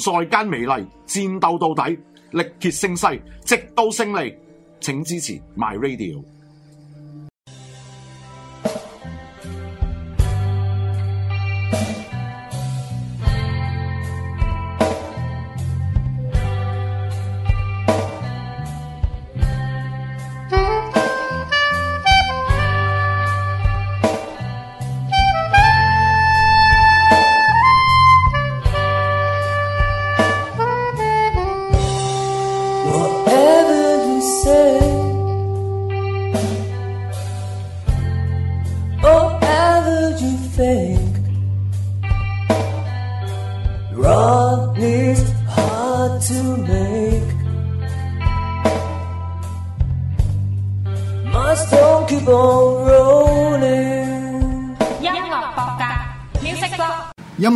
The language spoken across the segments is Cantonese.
在間美麗，戰鬥到底，力竭勝勢，直到勝利，請支持 My Radio。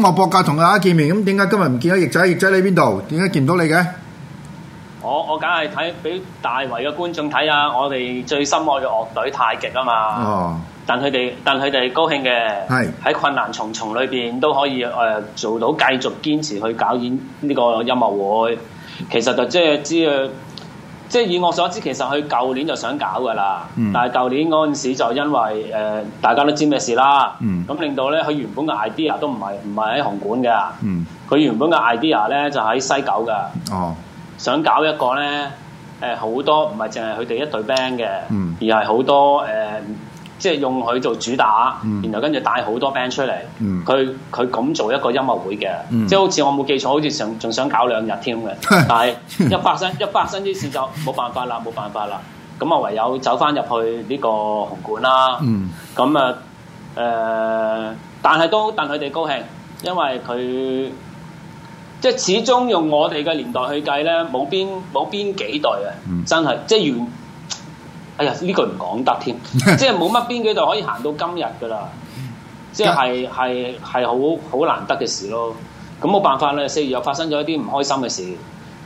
我、哦、博格同大家見面，咁點解今日唔見咗？翼仔？翼仔喺邊度？點解見唔到你嘅？我我梗係睇俾大圍嘅觀眾睇下，我哋最深愛嘅樂隊太極啊嘛。哦、但佢哋但佢哋高興嘅，係喺是困難重重裏邊都可以誒、呃、做到，繼續堅持去搞演呢個音樂會。其實就即係知啊。就是即係以我所知，其實佢舊年就想搞㗎啦，嗯、但係舊年嗰陣時就因為誒、呃、大家都知咩事啦，咁、嗯、令到咧佢原本嘅 idea 都唔係唔係喺紅館嘅，佢、嗯、原本嘅 idea 咧就喺、是、西九㗎，哦、想搞一個咧誒好多唔係淨係佢哋一隊 band 嘅，嗯、而係好多誒。呃即係用佢做主打，嗯、然後跟住帶好多 band 出嚟。佢佢咁做一個音樂會嘅，嗯、即係好似我冇記錯，好似想仲想搞兩日添嘅。但係一發生 一發生啲事就冇辦法啦，冇辦法啦。咁啊唯有走翻入去呢個紅館啦。咁、嗯、啊誒、呃，但係都戥佢哋高興，因為佢即係始終用我哋嘅年代去計咧，冇邊冇邊幾代啊，真係即係原。原哎呀，呢句唔講得添， 即係冇乜編劇度可以行到今日噶啦， 即係係係好好難得嘅事咯。咁冇辦法咧，四月又發生咗一啲唔開心嘅事。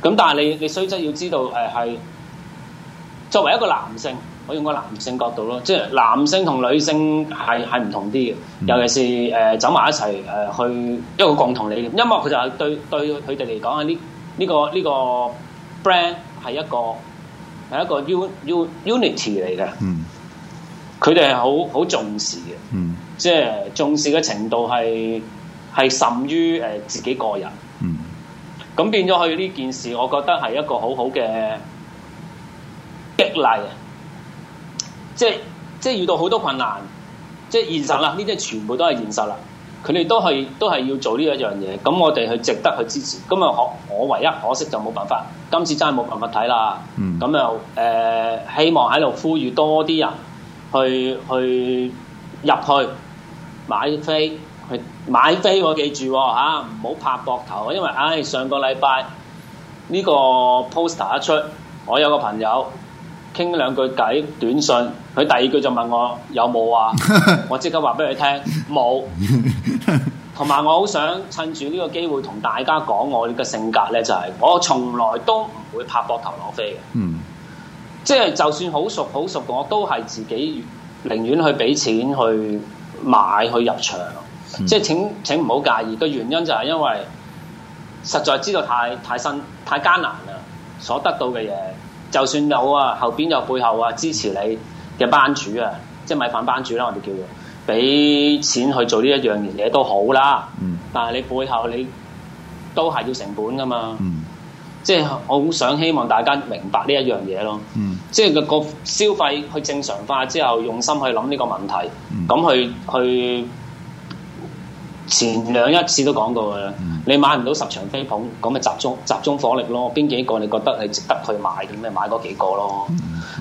咁但係你你須知要知道，誒、呃、係作為一個男性，我用個男性角度咯，即係男性同女性係係唔同啲嘅。尤其是誒、呃、走埋一齊誒、呃、去一個共同理嘅音樂，佢就係對對佢哋嚟講係呢呢個呢、這個這個 brand 係一個。係一個 unity 嚟嘅，佢哋係好好重視嘅，嗯、即係重視嘅程度係係甚於誒自己個人。咁、嗯、變咗佢呢件事，我覺得係一個好好嘅激勵，即係即係遇到好多困難，即係現實啦，呢啲全部都係現實啦。佢哋都係都係要做呢一樣嘢，咁我哋去值得去支持。咁啊，我我唯一可惜就冇辦法，今次真係冇辦法睇啦。咁又誒，希望喺度呼籲多啲人去去入去買飛，去，去買飛。買票我記住吓，唔好拍膊頭，因為唉、哎，上個禮拜呢個 poster 一出，我有個朋友，傾兩句偈，短信佢第二句就問我有冇啊？我即刻話俾佢聽冇。同埋 我好想趁住呢個機會同大家講、就係，我嘅性格呢就係我從來都唔會拍膊頭攞飛嘅。嗯、即係就算好熟好熟嘅，我都係自己寧願去俾錢去買去入場。嗯、即係請請唔好介意，個原因就係因為實在知道太太辛、太艱難啦，所得到嘅嘢。就算有啊，後邊有背後啊支持你嘅班主啊，即係米飯班主啦、啊，我哋叫做，俾錢去做呢一樣嘢都好啦。嗯。但係你背後你都係要成本噶嘛。嗯。即係我好想希望大家明白呢一樣嘢咯。嗯。即係個消費去正常化之後，用心去諗呢個問題。嗯。咁去去。去前兩一次都講過嘅啦，你買唔到十場飛捧，咁咪集中集中火力咯。邊幾個你覺得係值得去買嘅？咁咪買嗰幾個咯。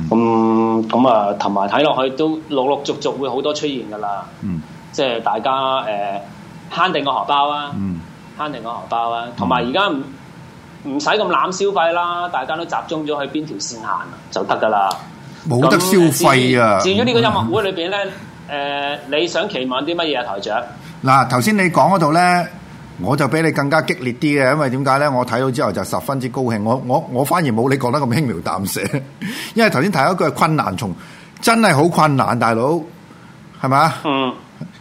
咁咁啊，同埋睇落去都陸陸續續會好多出現噶啦。即係大家誒慳定個荷包啊，慳定個荷包啊。同埋而家唔唔使咁濫消費啦，大家都集中咗去邊條線行就得噶啦，冇得消費啊。至於呢個音樂會裏邊咧，誒你想期望啲乜嘢台長？嗱，頭先你講嗰度呢，我就比你更加激烈啲嘅，因為點解呢？我睇到之後就十分之高興，我我我反而冇你講得咁輕描淡寫，因為頭先提咗一句困難從真係好困難，大佬係咪？嗯，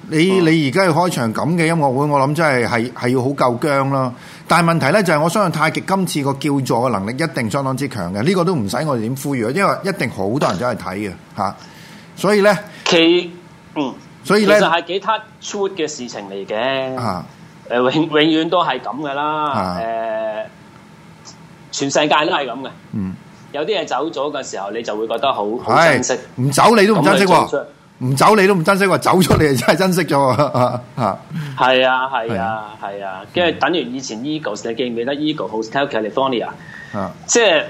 你嗯你而家要開場咁嘅音樂會，我諗真係係係要好夠薑咯。但係問題呢、就係，就係我相信太極今次個叫座嘅能力一定相當之強嘅，呢、這個都唔使我哋點呼籲，因為一定好多人走去睇嘅嚇。所以呢。嗯嗯所以其實係幾突出嘅事情嚟嘅，誒永、啊呃、永遠都係咁嘅啦，誒、啊欸、全世界都係咁嘅。嗯，有啲嘢走咗嘅時候，你就會覺得好、嗯、珍惜。唔走你都唔珍惜喎，唔走，走你都唔珍惜喎，走出嚟真係珍惜咗啦。啊，係、嗯、 啊，係啊，係啊，跟住、啊啊啊嗯、等於以前 Eagles 你記唔，記得 Eagles Hotel California、啊。即係。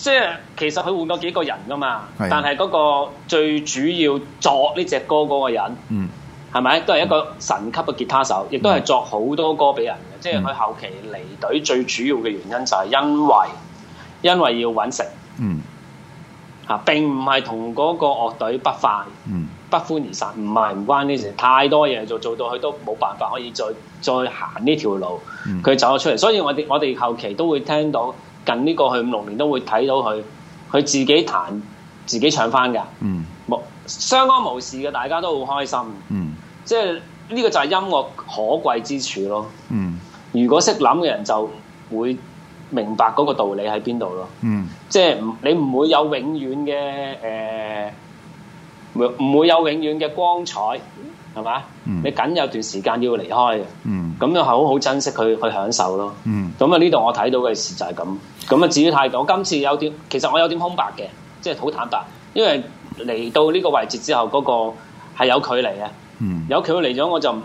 即係其實佢換過幾個人㗎嘛，是的 但係嗰個最主要作呢隻歌嗰個人，係咪、嗯、都係一個神級嘅吉他手，亦都係作好多歌俾人嘅。嗯、即係佢後期離隊最主要嘅原因就係因為因為要揾食，嚇、嗯、並唔係同嗰個樂隊不快、嗯、不歡而散，唔係唔關呢事，太多嘢做做到佢都冇辦法可以再再行呢條路，佢、嗯、走咗出嚟。所以我哋我哋後期都會聽到。近呢個去五六年都會睇到佢，佢自己彈自己唱翻㗎，冇、嗯、相安無事嘅，大家都好開心。嗯即，即係呢個就係音樂可貴之處咯。嗯，如果識諗嘅人就會明白嗰個道理喺邊度咯。嗯即，即係你唔會有永遠嘅誒，唔、呃、唔會、會有永遠嘅光彩。係嘛？嗯、你僅有段時間要離開嘅，咁要係好好珍惜佢，去享受咯。咁啊、嗯，呢度我睇到嘅事就係咁。咁啊，至於態度，今次有啲，其實我有啲空白嘅，即係好坦白。因為嚟到呢個位置之後，嗰、嗰個係有距離嘅，嗯、有距離咗我就唔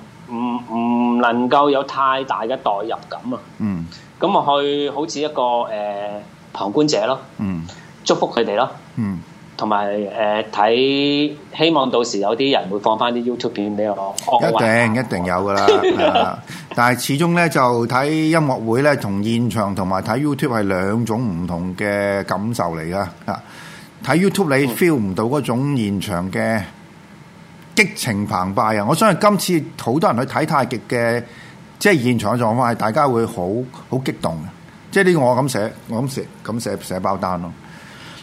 唔能夠有太大嘅代入感啊。咁啊、嗯，嗯、去好似一個誒、呃、旁觀者咯，嗯、祝福佢哋咯、嗯。嗯同埋誒睇，希望到時有啲人會放翻啲 YouTube 片俾我。一定者一定有噶啦、 啊，但係始終呢，就睇音樂會呢，同現場同埋睇 YouTube 係兩種唔同嘅感受嚟噶。啊，睇 YouTube 你 feel 唔到嗰種現場嘅激情澎湃啊！嗯、我相信今次好多人去睇太極嘅，即係現場嘅狀況係大家會好好激動，即係呢個我咁寫，我咁寫，咁寫寫，寫包單咯。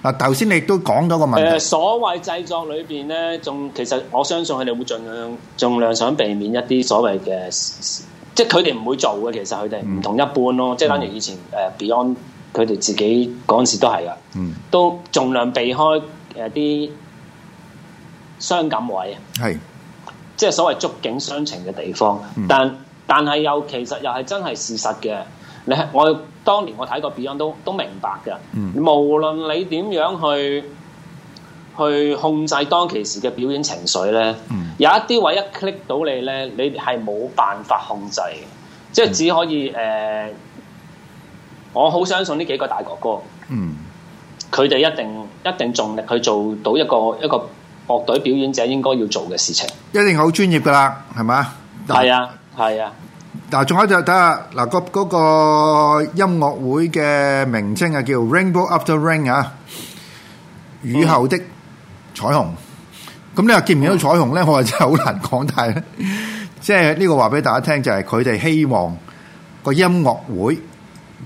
嗱，頭先你都講咗個問題。誒、呃，所謂製作裏邊咧，仲其實我相信佢哋會盡量盡量想避免一啲所謂嘅，即係佢哋唔會做嘅。其實佢哋唔同一般咯，嗯、即係等如以前誒、呃、Beyond 佢哋自己嗰陣時都係啊，都盡量避開誒啲傷感位啊。係是，即係所謂觸景傷情嘅地方。嗯、但但係又其實又係真係事實嘅。你係我當年我睇過 Beyond 都都明白嘅，嗯、無論你點樣去去控制當其時嘅表演情緒咧，嗯、有一啲位一 click 到你咧，你係冇辦法控制嘅，即係只可以誒、嗯呃。我好相信呢幾個大哥哥，嗯，佢哋一定一定盡力去做到一個一個樂隊表演者應該要做嘅事情，一定好專業㗎喇，係咪？係、嗯、啊，係、嗯、啊。嗱，仲有一隻睇下，嗱，嗰嗰個音樂會嘅名稱啊，叫 Rainbow After Rain 啊，雨後的彩虹。咁你又見唔見到彩虹咧？我話真係好難講大咧。即係呢個話俾大家聽，就係佢哋希望個音樂會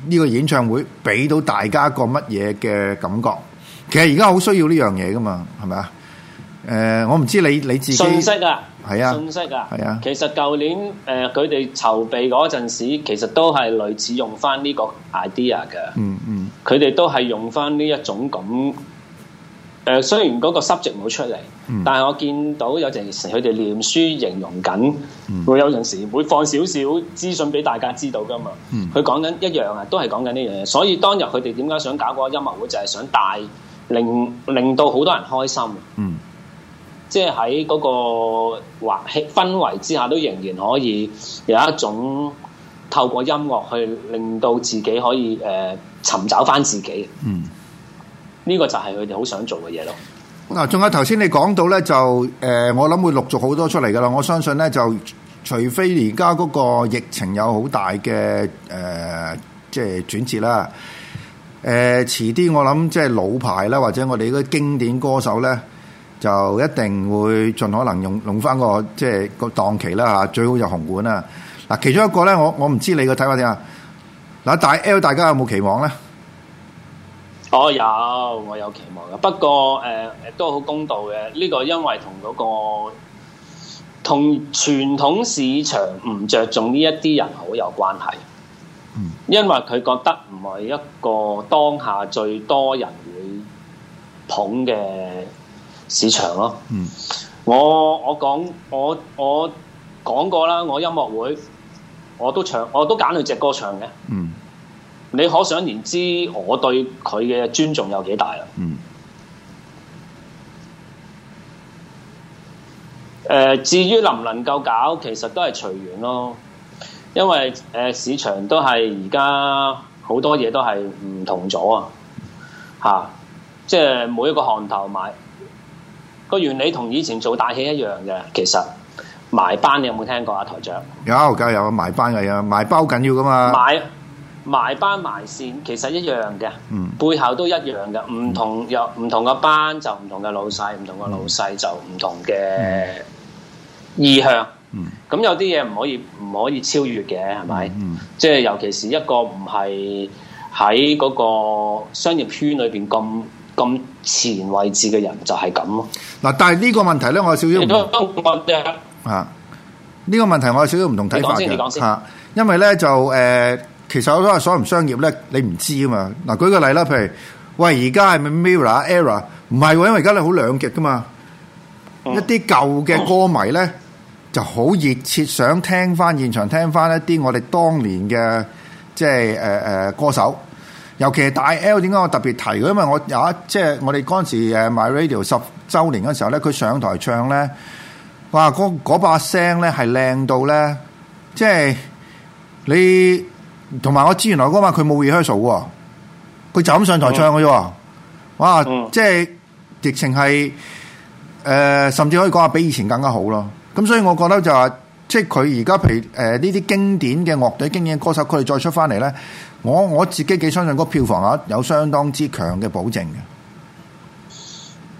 呢個演唱會俾到大家一個乜嘢嘅感覺。其實而家好需要呢樣嘢噶嘛，係咪啊？誒，我唔知你你自己。啊、信息啊，啊其實舊年誒佢哋籌備嗰陣時，其實都係類似用翻呢個 idea 嘅、嗯。嗯嗯，佢哋都係用翻呢一種咁誒、呃。雖然嗰個濕席冇出嚟，嗯、但係我見到有陣時佢哋念書形容緊，會、嗯、有陣時會放少少資訊俾大家知道噶嘛。佢講緊一樣啊，都係講緊呢樣嘢。所以當日佢哋點解想搞個音樂會，就係、是、想帶令令，令到好多人開心。嗯。即係喺嗰個或氛圍之下，都仍然可以有一種透過音樂去令到自己可以誒、呃、尋找翻自己。嗯，呢個就係佢哋好想做嘅嘢咯。嗱，仲有頭先你講到咧，就誒、呃、我諗會陸續好多出嚟嘅啦。我相信咧，就除非而家嗰個疫情有好大嘅誒、呃，即係轉折啦。誒、呃，遲啲我諗即係老牌啦，或者我哋嗰啲經典歌手咧，就一定會盡可能用用翻個即係個檔期啦，吓，最好就紅館啦。嗱，其中一個咧，我我唔知你嘅睇法點啊。嗱，大 L 大家有冇期望咧？我、oh, 有我有期望嘅，不過誒、呃、都好公道嘅。呢、這個因為同嗰、那個同傳統市場唔着重呢一啲人好有關係。Mm. 因為佢覺得唔係一個當下最多人會捧嘅。市場咯，嗯、我我講我我講過啦，我音樂會我都唱，我都揀佢隻歌唱嘅。嗯，你可想而知，我對佢嘅尊重有幾大啦。嗯。誒、呃，至於能唔能夠搞，其實都係隨緣咯，因為誒、呃、市場都係而家好多嘢都係唔同咗啊，吓，即係每一個行頭買。個原理同以前做大戲一樣嘅，其實埋班你有冇聽過啊？台長有，梗係有埋班嘅，有埋包緊要㗎嘛？埋埋班埋線其實一樣嘅，嗯，背後都一樣嘅，唔同又唔、嗯、同嘅班就唔同嘅老細，唔、嗯、同嘅老細就唔同嘅意向，嗯，咁有啲嘢唔可以唔可以超越嘅，係咪、嗯？嗯，即係尤其是一個唔係喺嗰個商業圈裏邊咁。咁前位置嘅人就係咁咯。嗱，但係呢個問題咧，我有少少唔同。啊，呢、呃、個問題我有少少唔同睇法嘅。Era, 啊，因為咧就誒，其實我都話所有商業咧，你唔知啊嘛。嗱、嗯，舉個例啦，譬如喂，而家係咪 Mirror Era？唔係喎，因為而家你好兩極噶嘛。一啲舊嘅歌迷咧，就好熱切、嗯、想聽翻現場，聽翻一啲我哋當年嘅即係誒誒歌手。尤其係大 L 點解我特別提佢？因為我有一即係、就是、我哋嗰陣時誒，uh, MyRadio 十週年嘅時候咧，佢上台唱咧，哇！嗰把聲咧係靚到咧，即係你同埋我知原來嗰晚佢冇 rehearsal 喎，佢就咁上台唱嘅啫喎，嗯、哇！嗯、即係直情係誒、呃，甚至可以講話比以前更加好咯。咁所以我覺得就話、是。即係佢而家譬如誒呢啲經典嘅樂隊、經典歌手，佢哋再出翻嚟咧，我我自己幾相信個票房額有相當之強嘅保證嘅。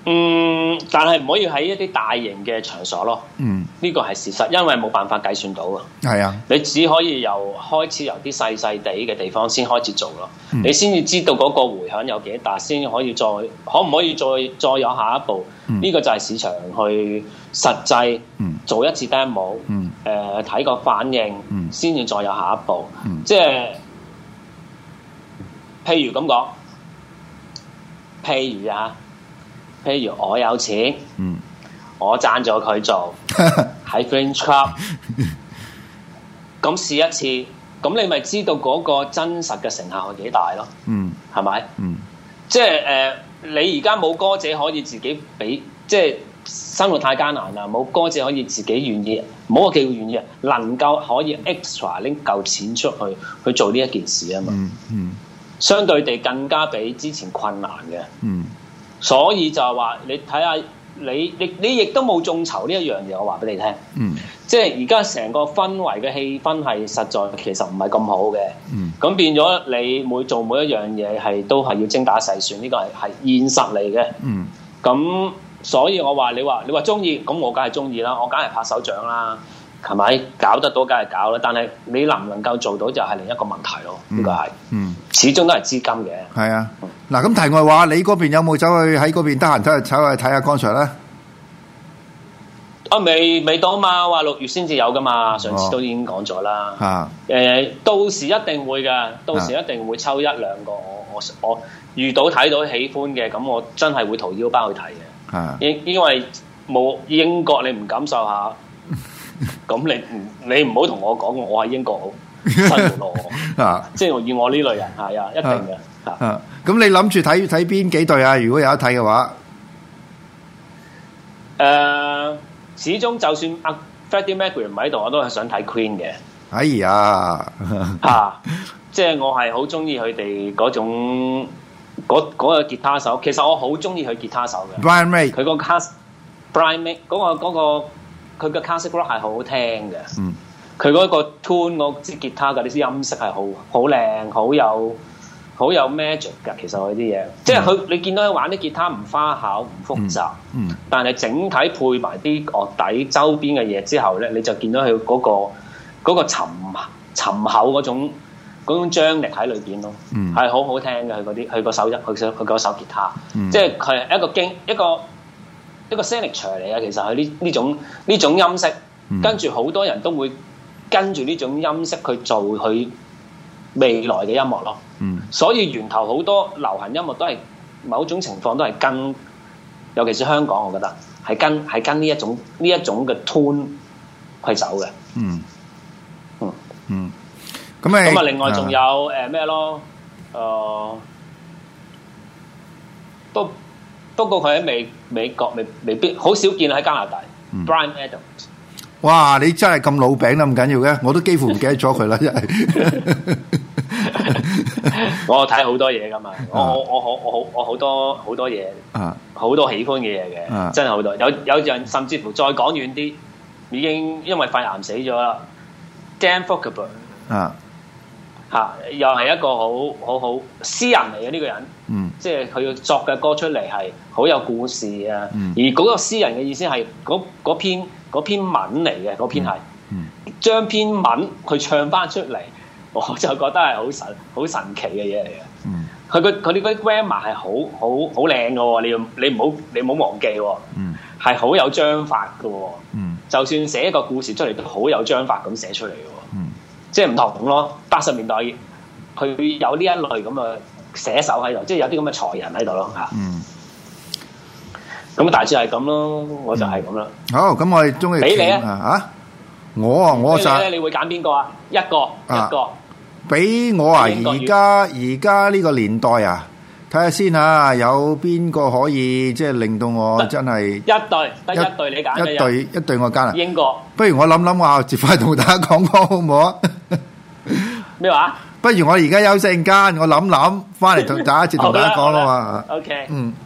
嗯，但係唔可以喺一啲大型嘅場所咯。嗯，呢個係事實，因為冇辦法計算到嘅。係啊，你只可以由開始由啲細細地嘅地方先開始做咯。嗯、你先至知道嗰個回響有幾大，先可以再可唔可以再再有下一步？呢、嗯、個就係市場去實際、嗯、做一次 demo，誒睇個反應，先至、嗯、再有下一步。嗯嗯、即係譬如咁講，譬如啊。譬如我有錢，嗯、我贊助佢做喺 French Club，咁試一次，咁你咪知道嗰個真實嘅成效係幾大咯？嗯，係咪吧？嗯，即係誒、呃，你而家冇歌者可以自己俾，即係生活太艱難啦，冇歌者可以自己願意，冇個機會願意，能夠可以 extra 拎夠錢出去去做呢一件事啊嘛，嗯嗯，嗯，相對地更加比之前困難嘅，嗯。所以就係話你睇下你你你亦都冇眾籌呢一樣嘢，我話俾你聽。嗯，即係而家成個氛圍嘅氣氛係實在其實唔係咁好嘅。嗯，咁變咗你每做每一樣嘢係都係要精打細算，呢個係係現實嚟嘅。嗯，咁所以我話你話你話中意，咁我梗係中意啦，我梗係拍手掌啦。係咪？搞得到梗係搞啦，但係你能唔能夠做到就係另一個問題咯。呢個係，嗯，始終都係資金嘅。係啊。嗱，咁題外話，你嗰邊有冇走去喺嗰邊得閒走去走去睇下鋼材咧？啊，未未到嘛？話六月先至有噶嘛？上次都已經講咗啦。哦呃、啊。誒，到時一定會噶，到時一定會抽一兩個。我我我遇到睇到喜歡嘅，咁我真係會掏腰包去睇嘅。因、啊、因為冇英國，你唔感受下。咁你唔你唔好同我講我喺英國好新路啊！ 即係我以我呢類人係啊，一定嘅吓。咁、 嗯、你諗住睇睇邊幾隊啊？如果有得睇嘅話，誒、啊，始終就算阿 Freddie Mercury 唔喺度，我都係想睇 Queen 嘅。哎呀吓！即係我係好中意佢哋嗰種嗰嗰、嗰個吉他手。其實我好中意佢吉他手嘅 Brian May。佢個 cast Brian May 嗰、嗰個個。嗰個佢個 classic rock 係好好聽嘅，佢嗰個 tune 嗰支吉他嗰啲音色係好好靚，好有好有 magic 嘅。其實佢啲嘢，嗯、即係佢你見到佢玩啲吉他唔花巧唔複雜，嗯嗯、但係整體配埋啲樂底周邊嘅嘢之後咧，你就見到佢嗰、嗰個沉沉、嗰個、厚嗰種嗰種張力喺裏邊咯，係好、嗯、好聽嘅。佢嗰啲佢個手音佢佢嗰手吉他，嗯、即係佢一個經一個。一個一個一個 signature 嚟啊。其實佢呢呢種呢種音色，跟住，好多人都會跟住呢種音色去做佢未來嘅音樂咯。所以源頭好多流行音樂都係某種情況都係跟，尤其是香港，我覺得係跟係跟呢一種呢一種嘅 tune 去走嘅。嗯嗯嗯，咁咁啊，另外仲有誒咩咯？誒都。不過佢喺美美國，未未必好少見喺加拿大。嗯、Brian Adams，哇！你真係咁老餅啦，咁緊要嘅，我都幾乎唔記得咗佢啦。我睇好多嘢噶嘛，我我好我好我好多好多嘢，啊、好多喜歡嘅嘢嘅，真係好多。有有人甚至乎再講遠啲，已經因為肺癌死咗啦。Dan Fogelberg 啊！嚇、啊，又係一個好好好詩人嚟嘅呢個人，嗯，即係佢作嘅歌出嚟係好有故事啊，嗯、而嗰個詩人嘅意思係嗰篇篇文嚟嘅，嗰篇係、嗯，嗯，將篇文佢唱翻出嚟，我就覺得係好神好神奇嘅嘢嚟嘅，嗯，佢佢啲啲 grammar 係好好好靚嘅喎，你要你唔好你唔好忘記喎，嗯，係好有章法嘅喎，嗯，嗯就算寫一個故事出嚟都好有章法咁寫出嚟嘅。即係唔同咯，八十年代佢有呢一類咁嘅寫手喺度，即係有啲咁嘅才人喺度咯吓。嗯。咁啊大致係咁咯，我就係咁啦。好，咁我哋中意俾你啊。啊，我啊，我就。所以咧，你會揀邊個啊？一個，一個。俾我啊！而家而家呢個年代啊，睇下先吓，有邊個可以即係令到我真係一對，一對你揀。一對，一對我揀啊。英國。不如我諗諗啊，我接快同大家講講好唔好啊？咩話？不如我而家休息間，我諗諗，翻嚟同第一次同大家講啦嘛。OK，嗯、okay。